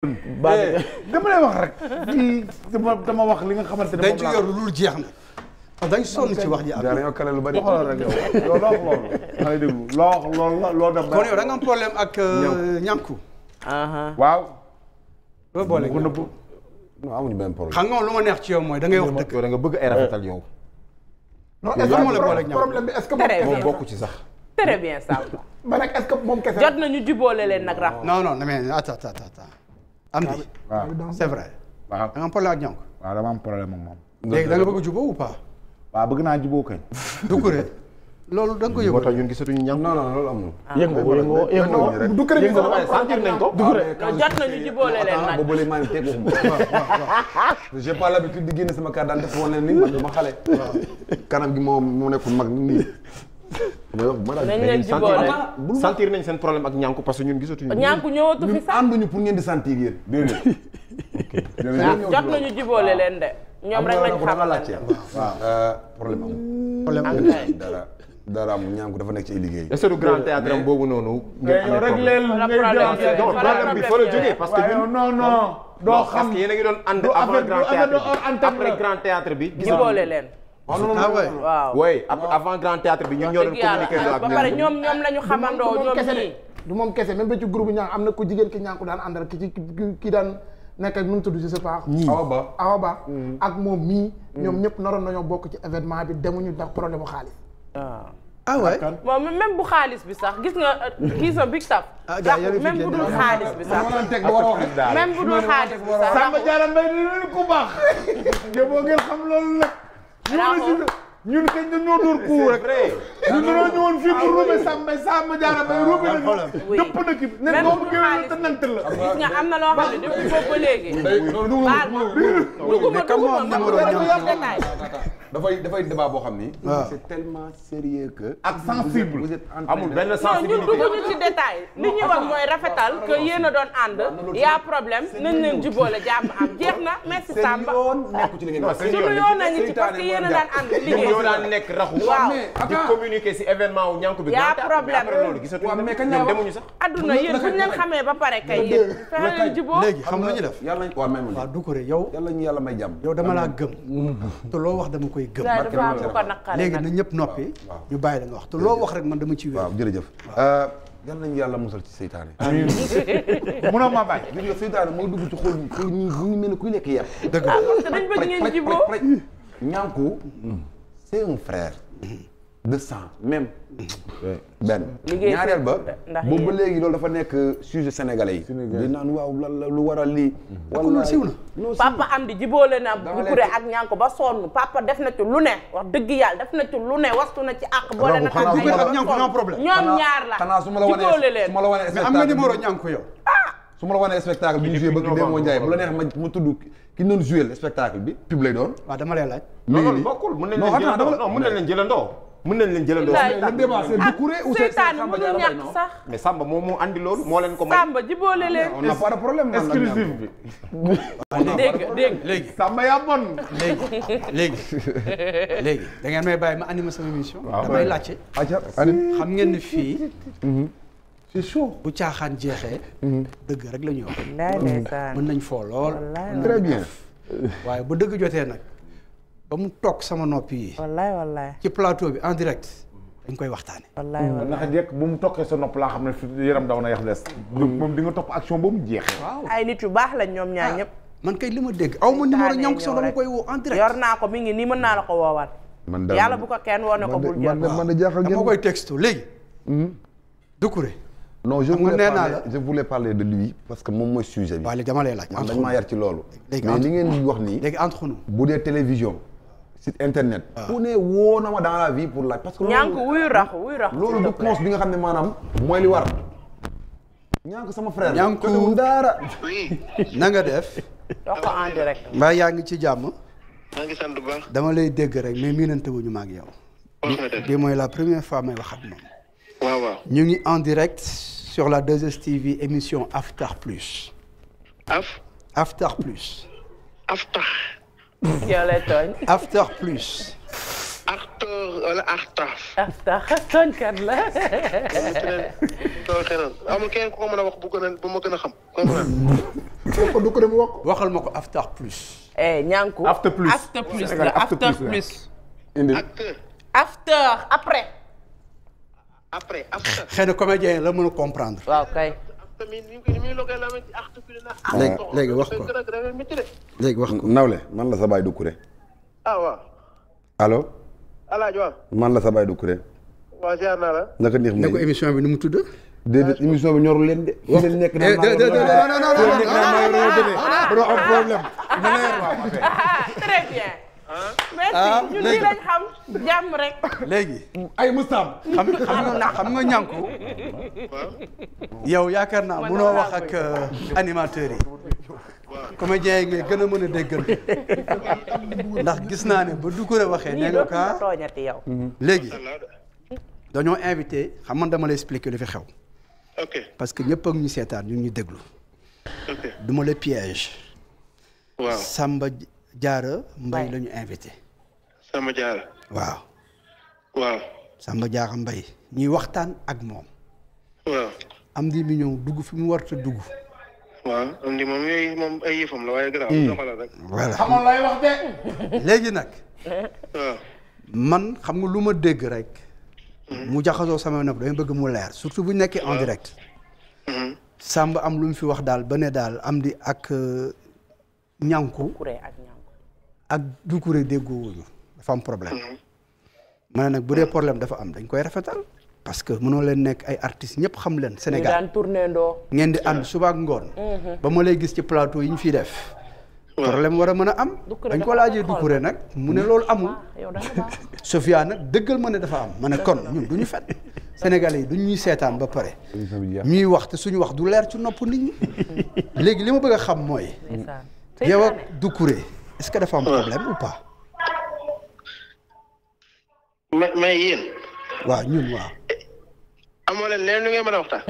Eh. dama lay wax rek fii dama dama wax li nga xamante ne dañ ci yor jeex na dañ sonn ci wax ji ak dañoo lu bari waxal rek wax loolu da ngay déglu loo wax loo kon yow da nga am problème ak euh, ñànku waaw loo boole ko nëbb non amuñu benn problème xam nga lu ma neex ci yow mooy dangay ngay wax dëgg yow da nga bëgg ay rafetal yow non est-ce que problème bi est-ce que ci sax très bien ça man nag est-ce que moom kese jot nañu juboole leen nag raf non non mais attends attends am di waaw c'est vrai. waaw da nga am problème ak ñoom. waaw dama am problème moom. léegi da nga bëgg a jubóo ou bëgg naa jubóo kañ. Doucouré loolu da nga ko yëngu. moo tax ñun gisatuñu ñam. non non loolu am na. Ah. yëngu yëngu yëngu Doucouré bi sentir ko. Doucouré ah, jot nañu jubóole leen nag. boobu maa ngi teg sama carte d'identité def woon ne ni man dama xale. kanam gi moom mu nekkul mag nii. nañ leen ci boole sentir nañ seen problème ak ñànku parce que ñun gisatuñu. ñànku ñëwatu fi sax ànduñu pour ngeen di sentir yéen. déedéet jot nañu jiboole leen de. ñoom rek lañ xam waaw euh, problème amul. problème amul dara. dara mu ñaanku dafa nekk ci ay liggéey. est-ce que grand théâtre am boobu noonu. ngeen amee problème bi fa la jógee parce que ñun non non. doo xam parce que yéen a ngi doon ànd avant grand théâtre bi après grand théâtre bi. gisoole leen. waaw oui avant grand théâtre bi ñun ñoo doon communiqué ak ñoom ñoom ñoom la ñu xamandoo du moom kese même ba ci groupe ñaa am na ku jigéen ki ñaa ko daan àndal ki ci ki daan nekk ak nu tudd je sais pas Awa Ba mm-hmm. ak moom mii mm-hmm. ñoom ñëpp naroon nañoo bokk ci événement bi demuñu ndax problème u xaalis ah, ah ouais moom même bu xaalis bi sax gis nga kii sa big tap ah, même bu dul xaalis bi sax même bu dul xaalis bi sax Samba Diarra Mbaye di ku baax ngeen xam loolu nag ñun ñun kañ dañoo dóor kuu rek. ñun dañoo ñëwoon fii pour ruube Samba Samba Diarra Mbaye ruube nañu. dëpp na kii ne doomu géwél te nant la. gis nga am na loo xam ne depuis boobu ba léegi. baal ma dugg ma dugg ma dugg ma dugg ma dugg ma dugg ma dugg ma dugg ma dugg ma dugg dafay dafay débat boo xam ni. Ah. c'est tellement sérieux que. ak sensible amul benn sensibilité non ñun dugguñu ci détail li ñuy wax mooy rafetal que yéen a doon ànd. y a problème nañ leen jubóole jàmm jeex na merci Samba. suñu yoon a ngi ci parce que yéen a daan ànd nekk raxu. waaw di communiquer ci wu ñànku bi. y a problème waaw mais kañ la demuñu sax. adduna yéen buñ leen xamee ba pare kay yéen. fexe leen jubóo léegi xam nga ñu def. yàlla du ko yow. yàlla ñu yàlla may jàmm. yow dama laa gëm. Mm-hmm. te loo wax dama ko koy gëm. léegi na ñëpp noppi. ñu bàyyi la nga wax te loo wax rek man dama ci wér. waaw jërëjëf. Euh, yal nañu yàlla musal ci seytaane. amiin a maa bàyyi. li nga seytaane moo dugg ci xol yi xol yi ñu ne kuy lekk yàpp. dëgg la ah parce que deux cent même. benn ñaareel ba. boobu ba léegi loolu dafa nekk sujet sénégalais yi. di naan waaw lan la lu waral lii. wala ah, siw na papa am di jiboole na dugure ak ñaan ko ba sonn papa def na ci lu ne wax dëgg yàlla def na ci lu ne wastu na ci àq. boole na ak ñaan ko ñoom problème ñoom ñaar la. xanaa su ma la la wanee mais am nga numéro ñaan ko yow. Ah! su ma la wanee spectacle bi ñu joué ba ki Demba Ndiaye bu la neex ma ma tudd ki ñu doon joué spectacle bi pub lay doon. Ah, mën nañ leen jëlandoo. le débat c'est ah, Doucouré ou Samba moo andi loolu moo leen ko may. Samba jiboole ah, leen. on n'a pas de problème exclusif bi. dégg dégg léegi. Samba yaa bon. léegi léegi da ngeen may bàyyi ma animé sama émission. waaw ah, damay laajte. xam ngeen ni fii. Mhm. c'est bu caaxaan jeexee. Mhm. dëgg rek lañuy ñuy nañ foo lool. waaye bu dëgg jotee nag. ba mu toog sama noppi yi. wallaay wallaay ci plateau bi en direct. dañ koy waxtaane wallaay mm. wallaay ndax jekk bu mu toqee sa nopp laa xam ne yaram daw na yax des. Mm. moom di nga topp action ba ay nit yu baax lañ ñoom ñaar ah, ñëpp. man kay li ma dégg aw ma numéro ñank sax dama koy woo en direct. naa ko mi ngi nii mën naa ko woowaat. man daal yàlla bu ko kenn woo ne ko bul jël. man de jaaxal ngeen ma koy texto léegi. Hmm? Doucouré. non je voulais parler je voulais parler de lui parce que moom mooy sujet bi. waaw léegi dama lay laaj. entre nous man dañ maa yar ci loolu. léegi wax nii. léegi entre bu dee télévision site internet. Ah. ku ne na ma dans pour la parce que. loolu du nga xam ne maanaam mooy li war. ñànk sama frère. ñànk na nga def. dox yaa ngi ci jàmm. maa ngi sant dama lay dégg rek mais miinante wuñu ma ak yow. bi mooy la première fois may wax moom. ñu ngi en direct sur la 2STV émission Aftar Plus. Af. Aftar Plus. Aftar. yow lay tooñ. after plus. Arthur wala Artar. la. amul kenn ku ko mën a wax bu gën a bu ma gën a xam. ko du ko dem wax. waxal ma ko Aftar plus. ñaanku. After plus After plus la After After après. après Aftar. xëy la mën a comprendre. waaw kay. léegi wax ko wax ko. nawle man la sa baay du kure. ah waaw. man la sa baay du kure. waaw ziar naa la. naka bi nu mu tudd. déedéet émission bi ñorul leen de. wax am problème. très bien. merci ñun lii xam. jàmm rek. léegi. ay xam nga xam nga ñànku. yow yaakaar naa munoo wax ak euh, animateurs yi. comédien yi ngay gën a mën a déggal ndax gis naa ne ba Doucouré waxee nee nga kaa ah. yow léegi dañoo invité xam man dama la expliquer lu fi xew parce que ñëpp ak ñu seetaan ñu ñu déglu du ma la piège waaw Samba Diarra Mbaye la ñu waaw. waaw. Samba mbay Mbaye ñuy waxtaan ak moom. am di mi ñëw dugg fi mu war a dugg. waaw am di moom yooyu moom ay yëfam la waaye gannaaw hmm. doxala rek. voilà xamoon lay wax de. léegi nag. man xam nga lu ma dégg rek. Hmm. mu jaxasoo sama nopp damay bëgg mu leer surtout bu nekkee en direct. Hmm. Samba am lu mu fi wax daal ba ne daal am di ak ñànku. Euh, ak Doucouré déggoo wuñu dafa am problème. Mhm. ma ne nag bu dee problème dafa am dañ koy rafetal. parce que mënoo leen nekk ay artistes ñëpp xam leen. Sénégal daan tourné ndoo ngeen di mhm. ànd suba ak ngoon. Mhm. ba ma lay gis ci plateau yi ñu fiy def. problème war a mën a am. dañ ko laajee Doucouré nag mu ne loolu amul. Ah, Sofia nag dëggal ma ne dafa am ma ne kon ñun du ñu fet Sénégalais yi du ñuy seetaan ba pare. ñuy wax te suñu wax du leer ci nopp nit ñi. léegi li ma bëgg a xam mooy. yow du Doucouré est que dafa am problème mais mais yéen. waaw ñun waaw. amoo leen leneen lu mën a waxtaan.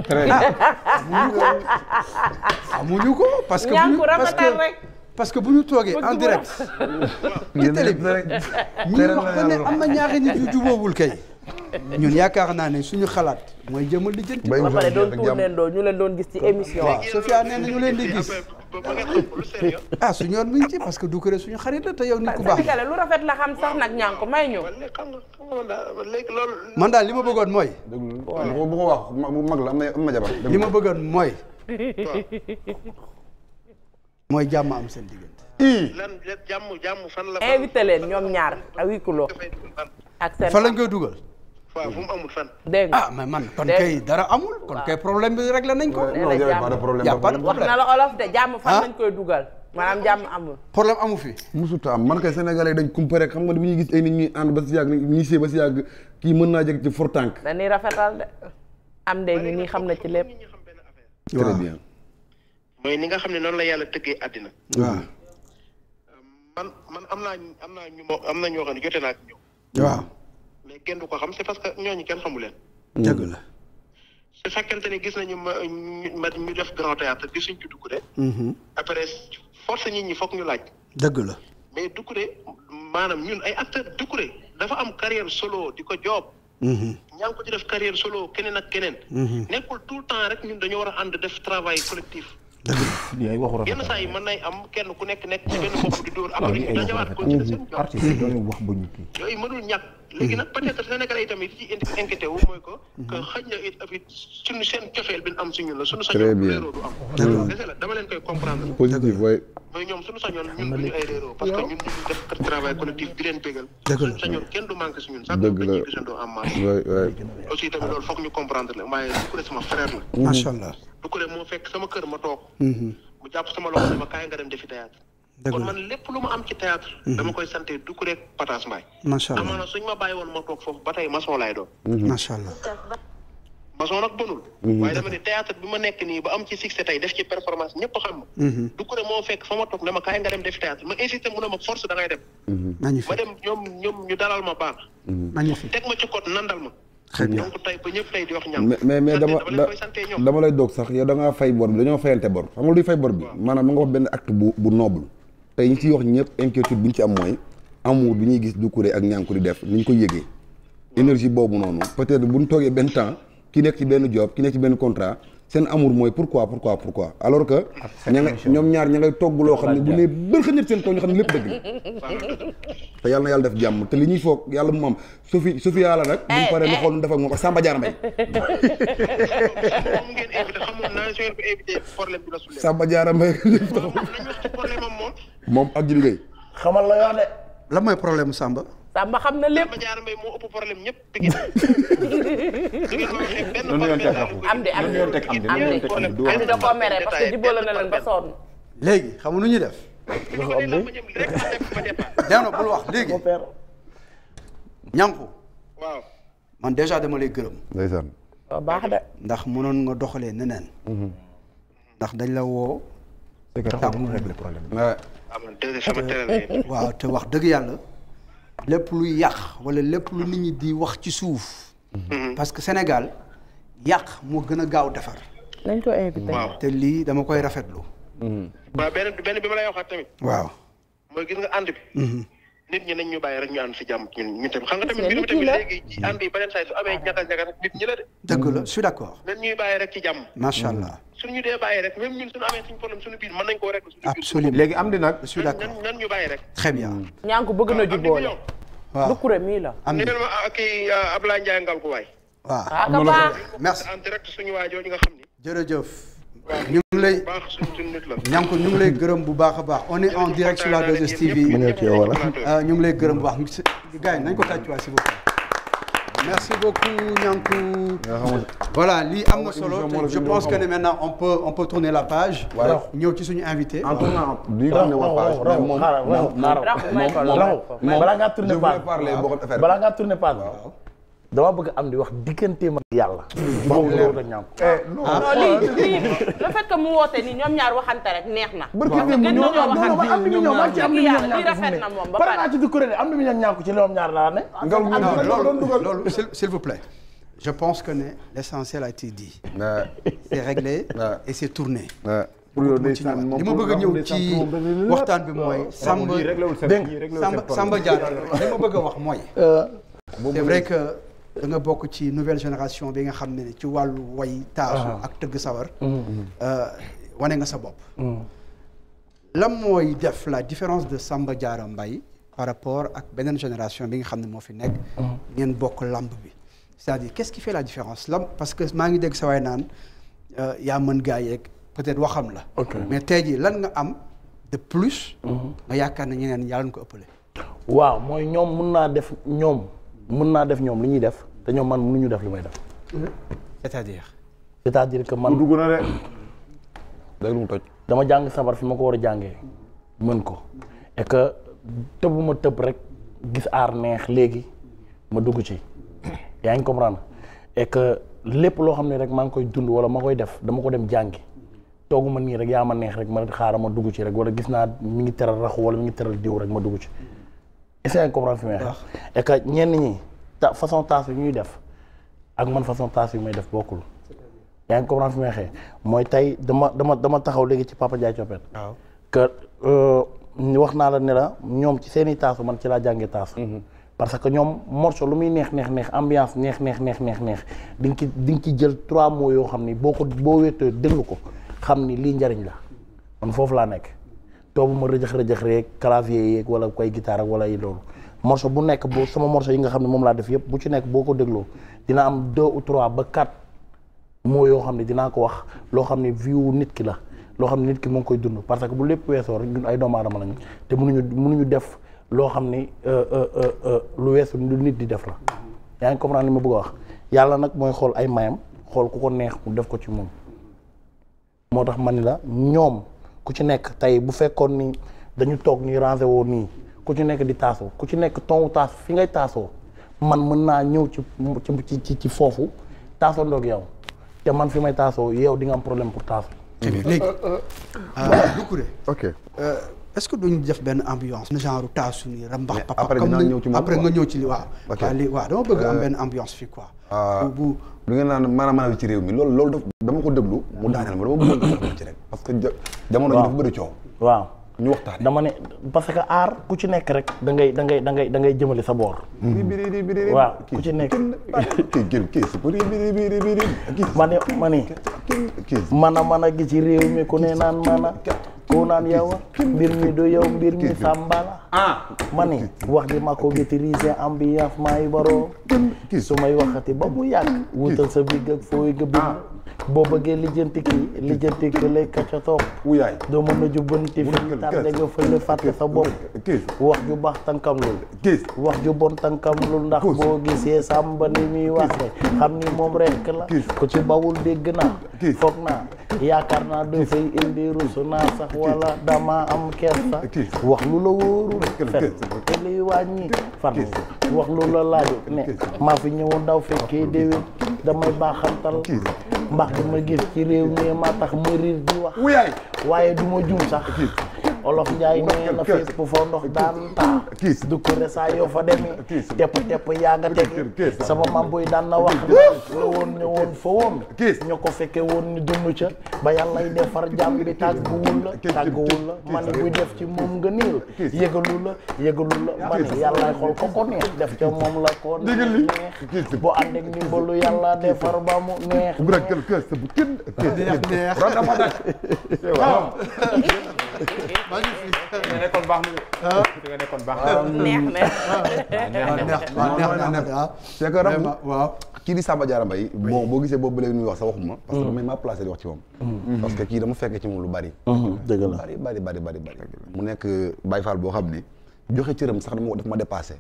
ko parce que. ñàkk rafetal parce que bu ñu toogee en direct. ci télé bi ñu wax ba kay. ñun yaakaar naa ne suñu xalaat mooy jëmal di jënd. ba pare doon tourné doo ñu leen doon gis ci émission. waaw Sofia nee na ñu leen di gis. ah suñu yoon mi ci parce que du Doucouré suñu xarit la te yow nit ku baax. lu rafet la xam sax nag ñaan ko may ñëw. man daal li ma bëggoon mooy. bu ko wax mu mag la am am na jabar li ma bëggoon mooy. mooy jàmm am seen diggante. lan jàmm jàmm fan la. invité leen ñoom ñaar a huis clos. ak seen fan dugal. waaw fu mu amul fan. dégg nga ah man kon kay dara amul. kon kay problème bi réglé nañ ko. non a pas de problème wax na la olof de jàmm fan ah. lañ koy dugal. am ah. jàmm amul. problème amu fi. musut am man kay sénégalais dañ kumpa rek xam nga bu ñuy gis ay nit ñuy ànd ba si yàgg ñuy see ba si yàgg kii mën naa jeg ci fortank. dañuy rafetal de am de ñu nii xam na ci lépp. très bien. mooy ni nga xam ne noonu la yàlla tëggee àddina. waaw. Euh, man man am naa am naa ñu am na ñoo xam ne jote waaw. mais kenn du ko xam c'est parce que ñooñu kenn xamu dëgg la. su fekkente ni gis nañu ma ma ñu def grand théâtre gisuñ ci Doucouré. Mhm. après force nit ñi fook ñu laaj. dëgg la mais Doucouré maanaam ñun ay acteurs Doucouré dafa am carrière solo di ko joob. Mhm. ñaa ngi ko ci def carrière solo keneen ak keneen. Mhm. nekkul tout le temps rek ñun dañoo war a ànd def travail collectif. dëgg la waxu rafet yenn saa yi mën nay am kenn ku nekk nekk ci benn bopp di dóor. après ñu dajawaat ko ci léegi mhm. nag peut-être sénégalais yi tamit li ci indi inquiété wu mooy ko que mhm. na it afit suñu seen cofeel bi ñu am si ñun la suñu sañoon réeroo du am dese mhm. la dama leen koy comprendre positif waay mais ñoom suñu sañoon ñun duñu ay réeroo parce ñun duñu def travail collectif di leen bégal suñu sañoon kenn du manqué si ñun sax dëgg la gisandoo am maas aussi tamit loolu foog ñu comprendre la waaye Doucouré sama frère la macha allah Doucouré moo fekk sama kër ma toog mu jàpp sama loxo ma kaay nga dem defi théâtre kon man lépp lu ma am ci théâtre mhm. dama koy sante du ku rek Pataas Mbaay macha suñ ma bàyyi woon ma toog foofu ba tey maçon laay doon mhm. macha allah maçon nag bonul mhm. waaye dama ne bi ma nekk nii ba am ci succès tey def ci performance ñëpp xam ma moo fekk fa toog dama kaay nga dem def théâtre ma insisté mu ne ma force da ngay dem ma dem ñoom ñu dalal ma baax teg ma ci code nandal ma donc tey ba ñëpp tey di wax ñam mais mais dama dama lay doog sax yow da ngaa fay bor bi dañoo fayante bor xam nga luy fay bor bi maanaam mu nga wax benn acte bu bu tey ñu ciy wax ñëpp inquiétude bu ñu ci am mooy amour bi ñuy gis Doucouré ak Niankou di def nu ñu ko yëgee énergie boobu noonu peut-être bu ñu toogee benn temps ki nekk ci benn job ki nekk ci benn contrat seen amour mooy pourquoi pourquoi pourquoi alors que ña nga ñoom ñaar ña ngay togg loo xam ne bu nee bërxa ñëpp seen toog ñu xam ne lépp dëgg te yàlla na yàlla def jàmm te li ñuy foog yàlla moom sufi sufi yàlla nag bu paree eh, ñu xool nu def ak moom ak Samba Diarra Mbaye Samba Diarra Mbaye moom ak Djibi Gueye. xamal la yoo de. lan mooy problème mu sàmba Samba xam na lépp. Samba problème ñëpp. am di am di am di da koo mere parce que na leen ba léegi xam nga nu ñuy def. daanaka bul wax léegi. ñànku. man déjà dama lay gërëm. ndeysaan. waaw baax de. ndax mu mënoon nga doxalee neneen. Mhm. ndax dañ la woo. dëgg la taxul mu régler problème bi. Ah, waaw te wax dëgg yàlla lépp luy yàq walla lépp lu nit ñi di wax ci suuf. Mhm. parce que Sénégal yàq moo gën a gaaw defar. nañ ko invité te lii dama koy rafetlu. Mhm. waaw benn bi ma lay waxaat waaw. mooy gis nga ànd bi. Mhm. nit ñi nañ ñu bàyyi rek ñu ànd si jàmm ñun ah. nit ñi la de dëgg la je suis d'accord nañ ñuy bàyyi rek ci jàmm macha allah suñu dee bàyyi rek même ñun suñu amee suñu problème suñu biir mën nañ koo rek suñu absolument léegi am di nag je d'accord nan ñu bàyyi rek très bien hmm. ñaanku bëgg na jubboole ah, waaw lu kuré mii la am ngeen ma ah, kii Ablaye Ndiaye ngal ko waay waaw merci en direct suñu waajoo nga xam ni jërëjëf ñu ngi lay ña ko ñu ngi lay gërëm bu baax a baax on est en direct sur la 2STV ah, ñu ngi lay gërëm bu baax gars yi nañ ko tàccuwaay si beaucoup merci beaucoup Ñanku am na solo je pense que ne maintenant on peut tourner la page ñëw ci suñu invité en tournant lii tourner la page mais moom moom moom ah. balaa ngaa tourner page balaa ngaa tourner page dama bëgg am di wax digganteem ak yàlla. moom loolu la ñaan eh, ah, ko. non ah, lii lii le fait que mu woote ni neex na. waaw gën nañoo waxante ni ñoom ñaar ñoom moom ba pare. ci di am na ñu ñaan ko ci ñoom ñaar laa ne. Ah, loolu loolu s'il vous plaît. je pense que ne l'essentiel a été dit. c'est réglé. et c'est tourné. li ma bëgg ñëw ci waxtaan bi mooy. Samba dégg Samba Diatta li ma bëgg a wax mooy. Euh. c'est que. da nga bokk ci nouvelle génération bi nga xam ne ci wàllu way taasu ah. ak tëgg sawar mm. Mm. Euh, wane nga sa bopp mm. lan mooy def la différence de Samba Diarra mbay par rapport ak beneen génération bi nga xam ne moo fi nekk ngeen bokk lamb bi c'est-à-dire qu'est-ce qui fait la différence lamb parce que maa ngi dégg sa waay naan euh, yaa mën gaa yeeg peut-être waxam la mais tey jii lan nga am de plus mm-hmm. nga yaakaar ne ñeneen yàlla ko ëppale waaw mooy ñoom mun naa def ñoom mën naa def ñoom li ñuy def te ñoom man ñu def li may def. c'est-à-dire. cest à que man dugg na de. mu toj. dama jàng sabar fi ma ko war a jàngee mën ko et que tëbu ma tëb rek gis aar neex léegi ma dugg ci yaa ngi comprendre et que lépp loo xam ne rek maa ngi koy dund wala ma koy def dama ko dem jàngi tooguma nii rek yaa ma neex rek ma xaaral ma dugg ci rek wala gis naa mi ngi teral raxu wala mu ngi teral diw rek ma dugg ci. est-ce que yaa ngi comprendre ñenn ñi ta façon taas bi ñuy def ak man façon taas bi may def bokkul. yaa ngi comprendre fi may mooy tey dama dama dama taxaw léegi ci Papa Ndiaye Coppet. waaw que euh, wax naa la ne la ñoom ci seen i taasu man ci laa jàngee taas. Mm-hmm. parce que ñoom morceau lu muy neex neex neex ambiance neex neex neex neex neex di nga ci di nga jël trois mots yoo xam ni boo ko boo wéetee déglu ko xam ni lii njariñ la man foofu laa nekk. toobu ma rëjëx-rëjëx reeg clavier yeeg wala koy gitaar ak wala ay loolu morceau bu nekk boo sama morceau yi nga xam ne moom laa def yëpp bu ci nekk boo ko dégloo dina am deux ou ba quatre moo yoo xam ne dinaa ko wax loo xam ne view nit ki la loo xam ne nit ki mu ngi koy dund parce que bu lépp weesoo rek ñun ay doomu aadama lañu te mënuñu mënuñu def loo xam ni euh, euh, euh, lu weesu lu nit di def la yaa ngi comprendre li ma bëgg a wax yàlla nag mooy xool ay mayam xool ku ko neex mu def ko ci moom moo tax ma ni la ñoom ku ci nekk tey bu fekkoon ni dañu toog nii rangé woon nii ku ci nekk di taasoo ku ci nekk tonwu taas fi ngay taasoo man mën naa ñëw ci ci ci ci foofu taasoo ndoog yow te man fi may taasoo yow di nga am problème pour taasoo. Euh, léegi. Euh, euh, ah. ok. est-ce que duñ def benn ambiance. genre taasu nii rambax papa après naa ñëw ci moom après nga ñëw ci li waaw. dama bëgg am benn ambiance fii réew mi loolu loolu daf dama ko déglu. mu daaneel ma que jamono ji dafa bëri coow. waaw ñu waxtaanee. ne parce que aar ku ci nekk rek. da ngay da ngay da ngay da ngay jëmale sa boor. biri waaw ku ci nekk. kii kii kii ma ne ma ne. kii mana mana gi ci réew mi ku ne naan mana koo naan yow mbir mi du ah ma ni wax ji ma ko maîtriser ambiance maay waroo su may waxati ba mu yàgg wutal sa bigg ak fooy ga bind ah. boo bëggee lijjanti kii lijjanti ki lay kacca toog wuyaay doo mën a jubbanti fi tardé nga fële fàtte sa bopp wax ju baax tankam lul wax ju bon tankam lul ndax boo gisee sàmba ni muy waxe xam ni moom rekk la ku ci bawul dégg naa foog naa yaakaar naa doo fay indi rusu naa sax wala dama am kersa wax lu la wóoru fen te liy wàññi fan wax loolu la laaju ne maa fi ñëwoon daw fekkee déwén damay baaxantal mbax dama gis ci réew mi maa tax ma riir di wax waaye du ma juum sax olof Njaay nee na fees bu fa ndox daan taa du ko resaa yoo fa demee tepp tepp yaa nga tegi sama mam buy daan na wax la woon ne woon fa woon ñoo ko fekke woon ni dund ca ba yàllay defar jàmm bi tàgguwul la tàgguwul la ma ne buy def ci moom nga niil yëgalu la yëgalu la ma ne yàllay xool ko ko neex def ca moom la ko neex bu ànd ak ndimbalu yàlla defar ba mu neex neex neex nga nekkoon baax na fi nga nekkoon baax na. neex na neex na neex na waaw kii di Samba Diarra Mbaye bon boo gisee boobu ba léegi ñuy wax sa waxuma parce que damay ma placé di wax ci moom parce que kii dama fekk ci moom lu bari dëgg la bari bari bari mu nekk Baye Fall boo xam ne joxe cëram sax dama daf ma dépassé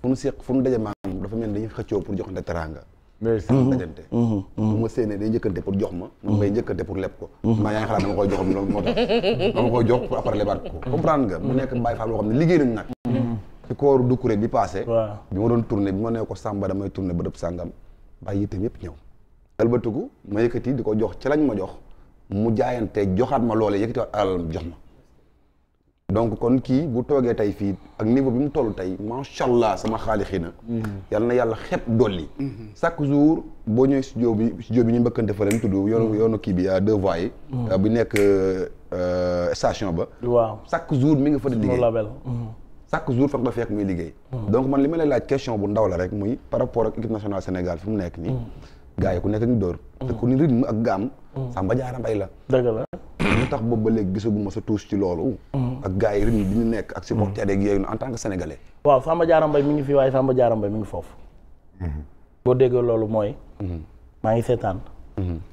fu nu seq fu nu daje maanaam dafa mel ni dañuy xëccoo pour joxante teranga mais sax mhm. dajante. Mhm. Mhm. bu ma séenee day njëkkante pour jox ma. man may njëkkante pour leb ko. maa yaa ngi xalaat dama koy jox jox pour après ko. comprendre mu nekk Baye Fall boo xam ne liggéey nañu nag. ci kooru Doucouré bi passé. bi ma doon tourné bi ma nee ko Samba damay tourné ba dëpp sàngam bàyyi itam yëpp ñëw. dalbatiku ma yëkkati di ko jox ci lañ ma jox mu jaayante joxaat ma loole yëkkati waat alalam jox ma. donc kon kii bu toogee tey fii ak niveau bi mu toll tey macha allah sama xaali xii na mm-hmm. yal na yàlla xepp dolli mm-hmm. chaque jour boo ñëwee studio bi studio bi ñu mbëkkante fa leen tudd yoonu mm-hmm. yoonu kii bi deux voies yi euh, bu nekk euh, station ba waaw chaque jour mi nga fa di liggéey chaque jour fa nga fekk muy liggéey donc man li ma lay laaj question bu ndaw la rek muy par rapport ak équipe nationale Sénégal fi mu nekk nii gaa yi ku nekk ngi dóor te ku ni rythme ak gaam Samba Diarra la dëgg la lu tax boobu ba léegi gisaguma sa tuus ci loolu mm-hmm. ak gaa yi rythme bi ñu nekk ak supporter mm-hmm. yeeg yooyu en tant que sénégalais waaw Samba Diarra Mbaye mi ngi fii waaye Samba Diarra Mbaye ngi foofu mm-hmm. boo déggee loolu mooy maa ngi seetaan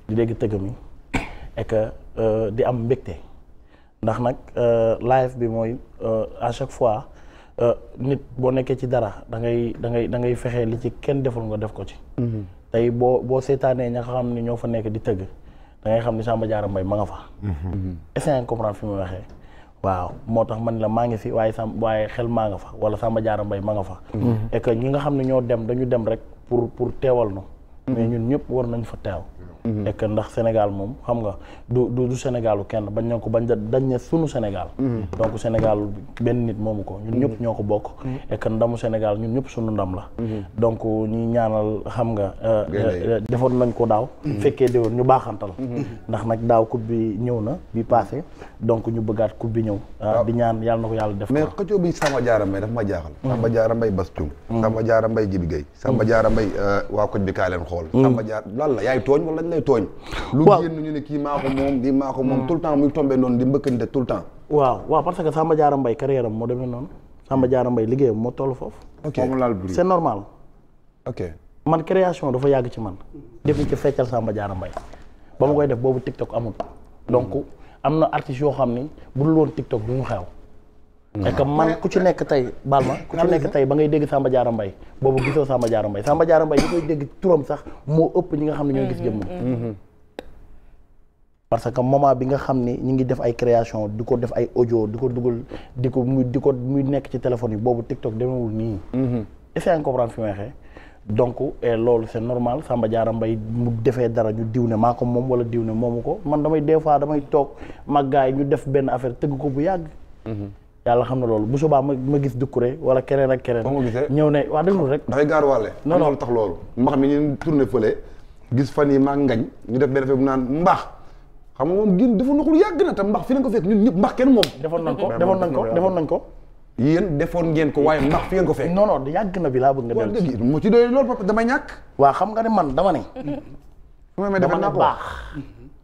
di dégg tëgg mi et que euh, di am mbégte ndax nag euh, live bi mooy euh, à chaque fois nit boo nekkee ci dara dangay dangay da ngay fexe li ci kenn deful nga def ko ci tey boo boo seetaanee ña xam ne ñoo fa nekk di tëgg da ngay xam ni Samba Diarra Mbaye ma nga fa. Mm-hmm. essayer nga comprendre fi mu waxee. waaw moo tax man la maa ngi si waaye sam waaye xel maa nga fa wala Samba Diarra Mbaye ma nga fa. Mm-hmm. et ñi nga xam ne ñoo dem dañu dem rek pour pour teewal nu mm-hmm. mais ñun ñëpp war nañ fa teew. Mm-hmm. et que ndax Sénégal moom xam nga du du du Sénégalu kenn bañ na ko bañ dañ na sunu Sénégal. Mm-hmm. donc Sénégal benn nit moomu ko. ñun ñëpp mm-hmm. ñoo ko bokk. et que ndamu Sénégal ñun ñëpp sunu ndam la. donc ñuy ñaanal xam nga. Euh, euh, euh, defoon nañ ko daaw. fekkee déwén ñu baaxantal. ndax nag daaw coupe bi ñëw na bi passé donc ñu bëggaat coupe bi ñëw. Ah, ah. di ñaan yàlla na ko yàlla def. mais xëccoo bi Samba Diarra Mbaye daf ma jaaxal. Samba Diarra Mbaye Bass Thioung. Samba Diarra Mbaye Djibi Guèye. Samba Diarra Mbaye waa koñ bi kaa leen xool. Samba Diarra lay tooñ. lu génn ñu ne kii maa moom di maa moom hmm. tout temps muy tombé noonu di mbëkkante tout temps. waaw waaw parce que Samba Diarra Mbaye carrière moo demee noonu Samba Diarra Mbaye liggéeyam moo toll foofu. c'est normal. man création dafa yàgg ci man. depuis ci feccal Samba Diarra Mbaye ba ma koy def boobu TikTok amul. donc am na artistes yoo xam ni bu dul woon TikTok du ñu xew. parce que man ku ci nekk tey baal ma ku ci nekk tey ba ngay dégg Samba Diarra Mbaye boobu gisoo Samba Diarra Mbaye Samba Diarra Mbaye ñi koy dégg turam sax moo ëpp ñi nga xam ne ñooy gis jëmm mm-hmm. mm-hmm. parce que moment bi nga xam ni ñu ngi def ay création di ko def ay audio di ko dugal di ko muy di ko muy nekk ci téléphone yi boobu TikTok demewul nii mm-hmm. essayé nga comprendre fi may waxee donc loolu c'est normal Samba Diarra Mbaye mu defee dara ñu diw ne maa ko moom wala diw ne moomu ko man damay des fois damay toog mag yi ñu def benn affaire tëgg ko bu yàgg yàlla xam na loolu bu subaa ma ma gis Doucouré wala keneen ak keneen. ñëw ne waa déglu rek. dafay gaar wàlle. non non tax loolu. mbax mi ñu tourné fële gis fan yi maa ngañ ñu def benn bu naan mbaax xam nga moom gin defoon na ko yàgg na te mbaax fi lañ ko fekk ñëpp mbaax kenn moom. defoon nañ ko defoon nañ ko defoon nañ ko. yéen defoon ngeen ko waaye mbaax fi ko fekk. non non yàgg na bi laa bëgg nga dellu ci. mu ci doy loolu papa dama waa xam nga ne man dama ne. dama ne baax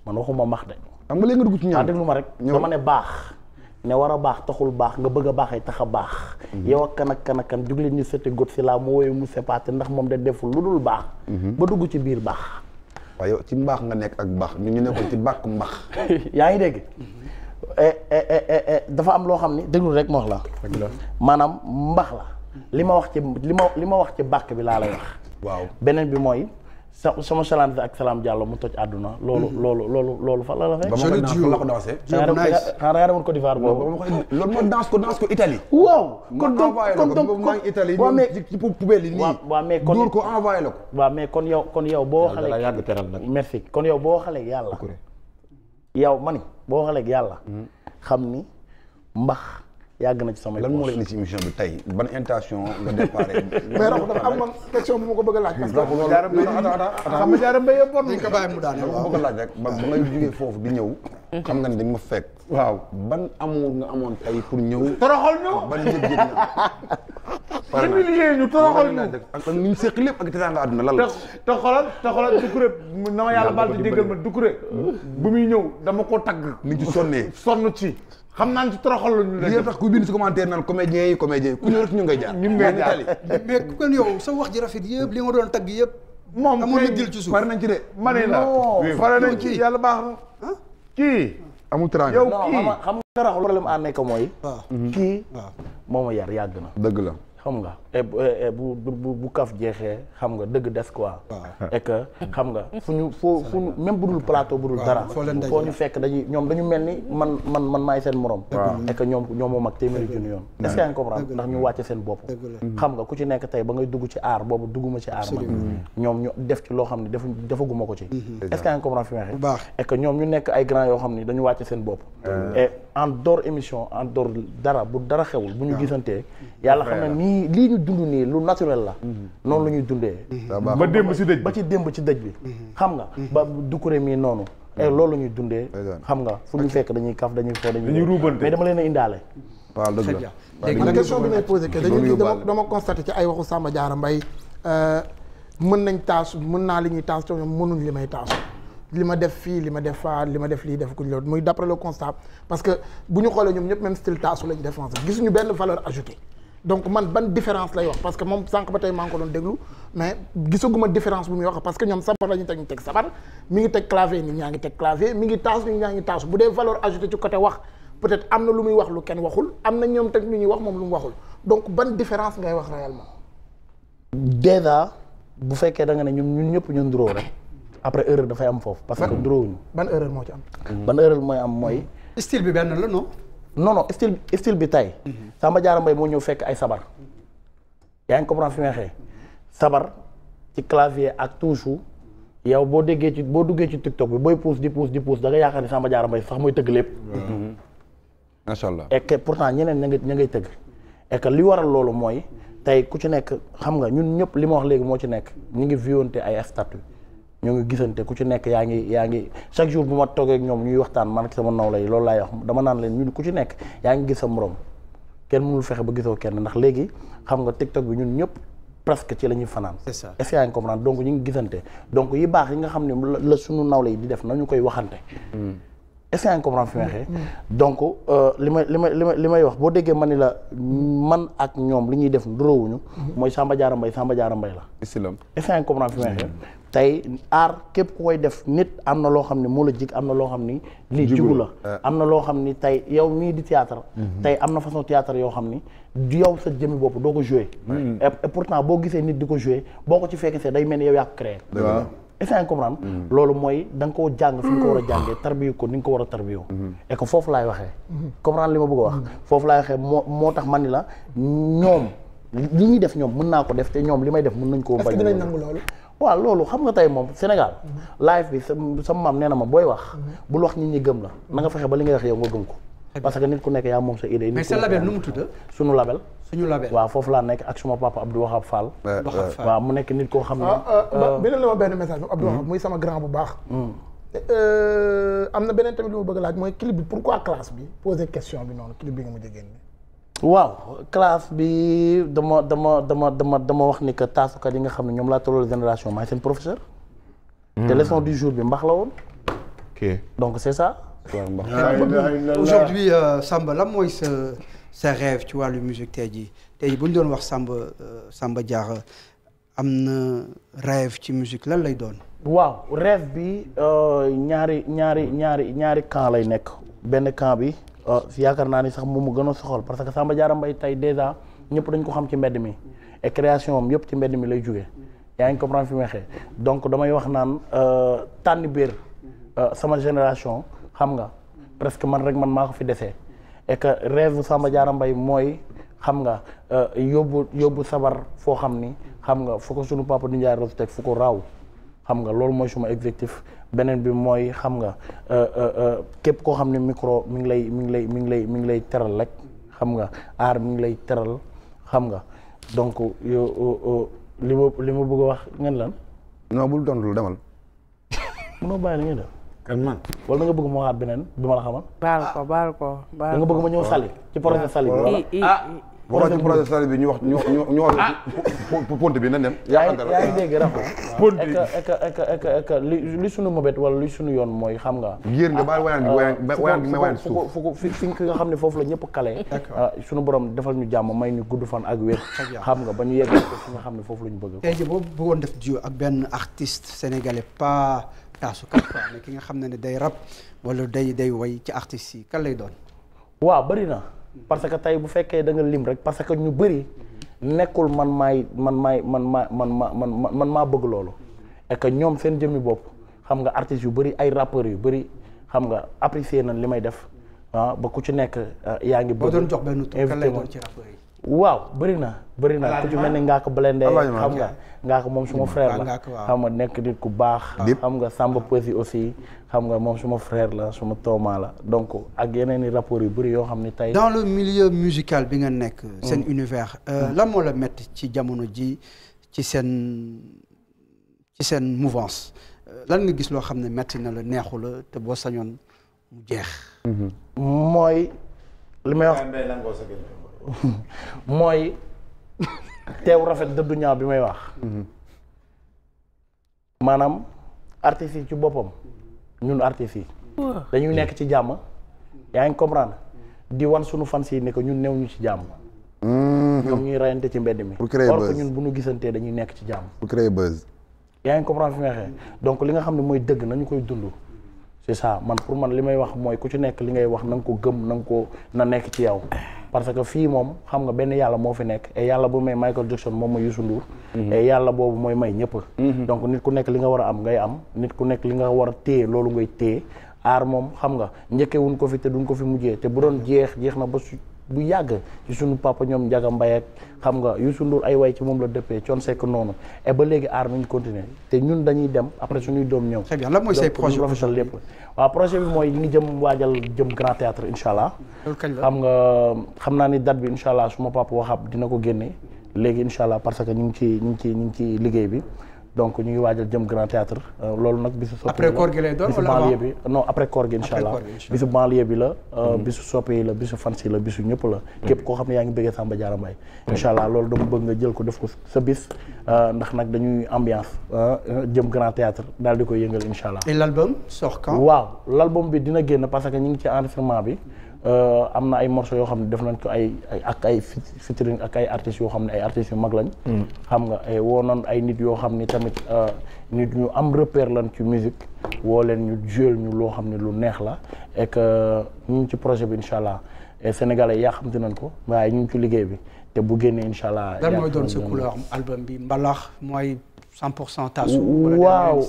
man waxuma max de. xam nga léegi nga dugg ci ñaan déglu ma rek dama ne baax ne war a baax taxul baax nga bëgg a baaxee tax a baax. Mhm. yow ak kan ak kan ak kan jug ñu seeti góor si laa mu woyoo mu sepaate ndax moom da deful lu dul baax. Mhm. ba dugg ci biir baax. waaw ci mbaax nga nekk ak baax ñu ñu nekkoon ci bàkk mbaax. yaa ngi dégg. Eh, eh, eh, dafa am loo xam ni déglu rek ma wax la. maanaam mbaax la. li ma wax ci li ma li ma wax ci bàkk bi laa lay wax. waaw beneen bi mooy. sa sama salaam ak salaam Diallo mu toj àdduna. loolu mhm. loolu loolu loolu fa la la fekk. je le dis la ko dansé. xanaa da nga demoon Côte d'Ivoire boobu. loolu moom danse ko danse ko Italie. waaw kon donc kon donc kon maa ngi Italie. waaw mais ci poubelle yi nii. waaw mais kon dóor ko envoyé la ko. waaw mais kon yow kon yow boo. xale yàlla yàgg teral nag. merci kon yow boo xale yàlla. yow ma ni boo xale yàlla. Mhm. xam ni mbax. yàgg na ci samay lan moo la indi ci émission bi tey ban intention nga déparé. mais Rokh dafa am man question ma ko bëgg a laaj. parce que loolu jaara a laaj rek foofu di ñëw. xam nga ne dañ ma fekk. waaw ban amour nga amoon tey pour ñëw. toroxal ñu ban yëg-yëg nga. par ñu ñu toroxal ñu. ak ni ñu seq lépp ak teraanga àdduna lan la. te xoolal te xoolal Doucouré na ma yàlla baal di déggal ma Doucouré hmm? bu muy da dama ko tagg. ni ci sonnee sonn ci xam naa ci toroxal la ñu la tax ku bind si commentaire naan comédien yi comédien yi ku ñëw rek ñu ngay jaar ñu ngay jaar mais ku kon yow sa wax ji rafet yëpp li nga doon tagg yëpp moom amoon na jël ci suuf pare nañ ci de ma ne la pare nañ ci yàlla baax na kii amul teraanga nga rax mooy kii moo ma yar yàgg na dëgg la xam nga E, e, e, bu bu bu kaf jeexee xam nga dëgg des quoi. waaw xam nga fu ñu foo fu ñu même bu dul plateau bu dul dara. foo ñu fekk dañuy ñoom dañu mel ni man man man maay seen morom. et que ñoom ñoom moo mag téeméeri junni yoon. est ce que yaa ngi comprendre ndax ñu wàcce seen bopp. xam nga ku ci nekk tey ba ngay dugg ci aar boobu dugguma ci aar man. Mm. ñoom def ci loo xam ne defu defaguma ko ci. Mm-hmm. est ce que yaa ngi comprendre fi mu waxee. et que ñoom ñu nekk ay grand yoo xam ne dañu wàcce seen bopp. Euh. en dehors émission en dehors dara bu dara xewul bu ñu gisantee yàlla xam ne nii lii ñu dund nii lu naturel la mhm. noonu la ñuy dundee mhm. ba démb ci dëj ba ci démb ci dëj bi mhm. xam nga ba dukure mii noonu e loolu ñuy dundee xam nga fu ñu fekk dañuy kaf dañuy foo dañuy mais dama leen a indaale waaw dëgg la man question bi may posé que dañu dama constaté ci ay waxu Samba Diarra euh, mën nañ taasu mën naa li ñuy taas to mënuñ li may taasu li ma def fii li ma def faa li ma def lii def kuñ loolu muy d'après le constat parce que bu ñu xoolee ñoom ñëpp même style taasu lañ défense gisuñu benn valeur ajoutée donc man ban différence lay wax parce que moom sànq ba tey maa ngi ko doon déglu mais gisaguma différence bu muy wax parce que ñoom sabar la ñu teg ñu teg sabar mi ngi teg clavier nit ñaa ngi teg clavier mi ngi taas nit ñaa ngi taas bu dee valeur ajoutée ci wax peut-être na lu muy wax lu kenn waxul am na ñoom teg lu ñuy wax moom lu mu waxul donc ban différence ngay wax réellement. déjà bu fekkee danga ne ñun ñun ñëpp ñu nduroo rek après erreur dafay am foofu. parce que nduroo wuñu ban erreur moo ci am. ban erreur mooy am mooy. style bi benn la non. non non style style bi tay mhm. Samba Diarra Mbaye moo ñëw fekk ay sabar yaa ngi comprendre fi may mhm. sabar ci clavier ak toujours yow boo déggee ci boo duggee ci TikTok bi booy pousse di pouse di pousse da nga yaakaar ni Samba Diarra Mbaye sax mooy tëgg lépp. macha allah et ñeneen ña ngay ña ngay tëgg et que li waral loolu mooy tey ku ci nekk xam nga ñun ñëpp li ma wax léegi moo ci nekk ñu ngi vionté ay statut ñoo ngi gisante ku ci nekk yaa ngi yaa ngi chaque jour bu ma toogee ñoom ñuy waxtaan man ak sama nawla yi loolu laay wax dama naan leen ñun ku ci nekk yaa ngi gis sa morom kenn mënul fexe ba gisoo kenn ndax léegi xam nga TikTok bi ñun ñëpp presque ci la ñuy fanaan est-ce que donc ñu ngi gisante donc yi baax yi nga xam ne la suñu nawla yi di def nañu koy waxante hmm. est-ce que yaa hmm. donc euh, li may li may li may li may wax boo déggee ma ni la man ak ñoom li ñuy def nduroowuñu hmm. mooy Samba Diarra Mbaye Samba Diarra Mbaye la est-ce que tey aar képp ko koy def nit am na loo xam ne moo la jig am na loo xam ni lii jigu la ah. am na loo xam ni tey yow mii di théâtre mhm. tey am na façon théâtre yoo xam ni du yow sa jëmmi bopp doo ko joué et pourtant boo gisee nit di ko joué boo ko ci fekkee day mel ni yow yaa ko créé est-ce que mhm. loolu mooy danga koo jàng fi nga ko war a mm. jàngee tarbiyu ko ni nga ko war a tarbiyu mhm. et que foofu lay waxee comprendre li ma bëgg a wax foofu laay waxee moo moo tax man la ñoom li ñuy def ñoom mën naa ko def ñoom li may def mën nañ koo bañ dinañ nangu loolu waaw loolu xam nga tey moom Sénégal live bi sa maam nee na ma booy wax bul wax nit ñi gëm la na nga fexe ba li nga wax yow nga gëm ko parce que nit ku nekk yaa moom sa idée mais mu tudd suñu label suñu label waaw foofu laa nekk ak suma papa Abdou Wahab Fall euh, euh, waaw mu nekk nit koo xam ne ah, ah, euh, bi la ma benn message Abdou Wahab mm-hmm. muy sama grand bu baax mm. am na beneen tamit lu ma bëgg laaj mooy clip bi pourquoi classe bi poser question bi noonu clip bi nga mujj génne waaw classe bi dama dama dama dama dama wax ni que taasukat yi nga xam ne ñoom laa tollool génération maay seen professeur. Hmm. te du jour bi mbax la woon. donc c'est ça. Euh, Samba lan mooy sa sa ci wàllu musique tey tey bu ñu doon wax Samba euh, Samba Diarra am na rêve ci musique lan lay doon. waaw rêve bi euh, ñaari ñaari ñaari ñaari camp lay nekk benn camp bi. Euh, yaakaar naa ni sax moom mu gën a soxool parce que Samba Diarra Mbaye tey dèjà ñëpp dañ ko xam ci mbedd mi et création am yëpp ci mbedd mi lay jóge yaa ngi comprendre fi mu donc damay wax naan euh, tànn biir euh, sama génération xam nga presque man rek man maa ko fi desee et que rêve Samba Diarra Mbaye mooy xam nga yóbbu yóbbu sabar foo xam ni xam nga foo ko sunu papa du Ndiaye Rose teg fu ko raaw xam nga loolu mooy suma objectif beneen bi mooy xam nga euh, euh, euh, képp koo xam ne micro mi ngi lay mi ngi lay mi ngi lay mi ngi lay teral rek xam nga aar mi ngi lay teral xam nga donc li ma li ma bëgg a wax ngeen lan. non bul tontu demal. mënoo bàyyi li ngay def. kan man wala nga bëgg ma waxaat beneen bi ma la xamal. baal ko baal ko baal ko da nga bëgg ma ñëw sali ci projet sali bi. projet projet sali bi ñu wax ñu ñu wax ah. pont bi na dem. yaa ngi dégg sunu mobet wala li sunu yoon mooy xam nga. géer nga bàyyi wayaan gi wayaan gi ah, may wayaan suuf foofu la ñëpp kale. Ah, sunu borom defal ñu jàmm may ñu gudd fan ak wér. xam nga ba ñu yegg ko fi nga xam ne foofu la ñu bëgg. tey jii boo bëggoon def jiw ak benn artiste sénégalais pas taasukat quoi mais ki nga xam ne day rap wala day day woy ci artistes yi kal lay doon. waaw bari na. parce que tey bu fekkee da nga lim rek parce que ñu bëri nekkul man maay man maay man maa man ma man man maa bëgg loolu et que ñoom seen jëmmi bopp xam nga artistes yu bëri ay rappeurs yu bëri xam nga apprécier nañ li may def ah ba ku ci nekk ah, yaa ngi bëgg boo doon jox benn tur kan lay yi waaw bari na bëri na ku ci mel ni Ngaaka Blindé xam nga Ngaaka moom suma frère la xam nga nekk nit ku baax xam nga Samba Peuzzi aussi xam nga moom suma frère la suma tooma la donc ak yeneen i rapports yu bëri yoo xam ni tey dans le milieu musical bi nga nekk seen mm. univers euh, mm. lan moo la ci jamono ji ci seen ci seen mouvance euh, lan nga gis loo xam ne métti na la neexu la te boo sañoon mu jeex mm-hmm. mooy li may wax mooy teew rafet dëddu ñaaw bi may wax mhm. maanaam artistes yi ci boppam ñun artistes yi dañuy nekk ci jàmm yaa ngi comprendre di wan sunu fans yi ne ñun new ñu ci jàmm mhm. ñoom ñuy rayante ci mbedd mi pour créer buzz ñun bu ñu gisantee dañuy nekk ci jàmm pour créer buzz yaa ngi comprendre fi nga waxee donc li nga xam ne mooy dëgg nañu koy dund c'est ça man pour man li may wax mooy ku ci nekk li ngay wax nanga ko gëm na nga na nekk ci yow parce que fii moom xam nga benn yàlla moo fi nekk et yàlla bu may Michael Jackson moom mooy Youssou Ndour mhm. et yàlla boobu mooy may ñëpp mhm. donc nit ku nekk li nga war a am ngay am nit ku nekk li nga war a téye loolu ngay téye aar moom xam nga njëkkewuñ ko fi te duñ ko fi mujjee te bu doon jeex jeex na ba su bu yàgg ci sunu papa ñoom Ndiaga Mbaye xam nga Youssou Ndour ay way ci moom la dëppee Thione Seck noonu et ba léegi aar mi ngi continuer te ñun dañuy dem après suñuy doom ñëw. très bien lan lépp waaw projet bi mooy li ngi jëm waajal jëm grand théâtre incha allah. xam nga xam naa ni date bi incha allah suma papa waxab dina ko génnee léegi incha allah parce que ñu ngi ci ñu ngi ci ñu ngi ci liggéey bi donc ñu ngi waajal jëm Grand Théâtre euh, loolu nag bisu soppi après koor gi lay doon bisu banlieue bi non euh, mhm. bi la bisu soppi yi la bisu fansi la bisu ñëpp la mhm. képp koo xam ne yaa ngi bëggee Samba Diarra Mbaye mhm. incha allah loolu dama bëgg nga jël ko def ko sa bis euh, ndax nag dañuy ambiance jëm Grand Théâtre daal di koy yëngal incha allah et l'album sort quand waaw l'album bi dina génn parce que ñu ngi ci enregistrement bi Euh, am na ay morceaux yoo xam ne def nañ ko ay ak ay featuring ak ay artistes yoo xam ne ay artistes yu mag lañ. Mm. xam nga ay eh, woo nañ ay nit yoo xam ni tamit euh, nit ñu am repère lañ ci musique woo leen ñu jël ñu loo xam ne lu neex la et que ñu ci projet bi incha allah et yaa xam te nañ ko waaye ñu ngi ci liggéey bi te bu génnee incha allah. lan mooy doon sa couleur album bi mooy 100 pour cent taasu. waaw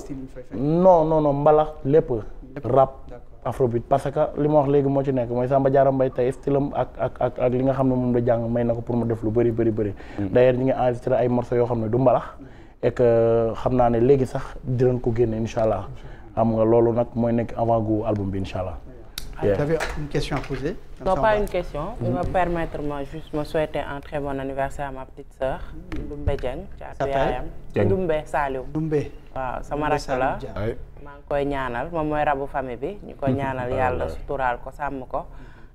non non non mbalax lépp. rap. afrobeat parce que li ma wax léegi moo ci nekk mooy Samba Diarra Mbaye tey stylam ak ak ak li nga xam ne moom la jàng may na ko pour mu def lu bëri bëri bëri mm. d'ailleurs ñi ngi enregistré ay morceaux yoo xam ne du mbalax et euh, xam naa ne léegi sax dinañ ko génn incha allah am nga loolu nag mooy nekk avant goût album bi incha allah ah, Yeah. Tu avais une question à poser Non, pas va. une question. Mm -hmm. Il me mm-hmm. permettre moi juste me souhaiter un très bon anniversaire à ma petite sœur, mm-hmm. Doumbé Dieng. Waaw, sama rakk la. maa ngi koy ñaanal moom mooy rabu famille bi ñu koy ñaanal yàlla turaal ko sàmm ko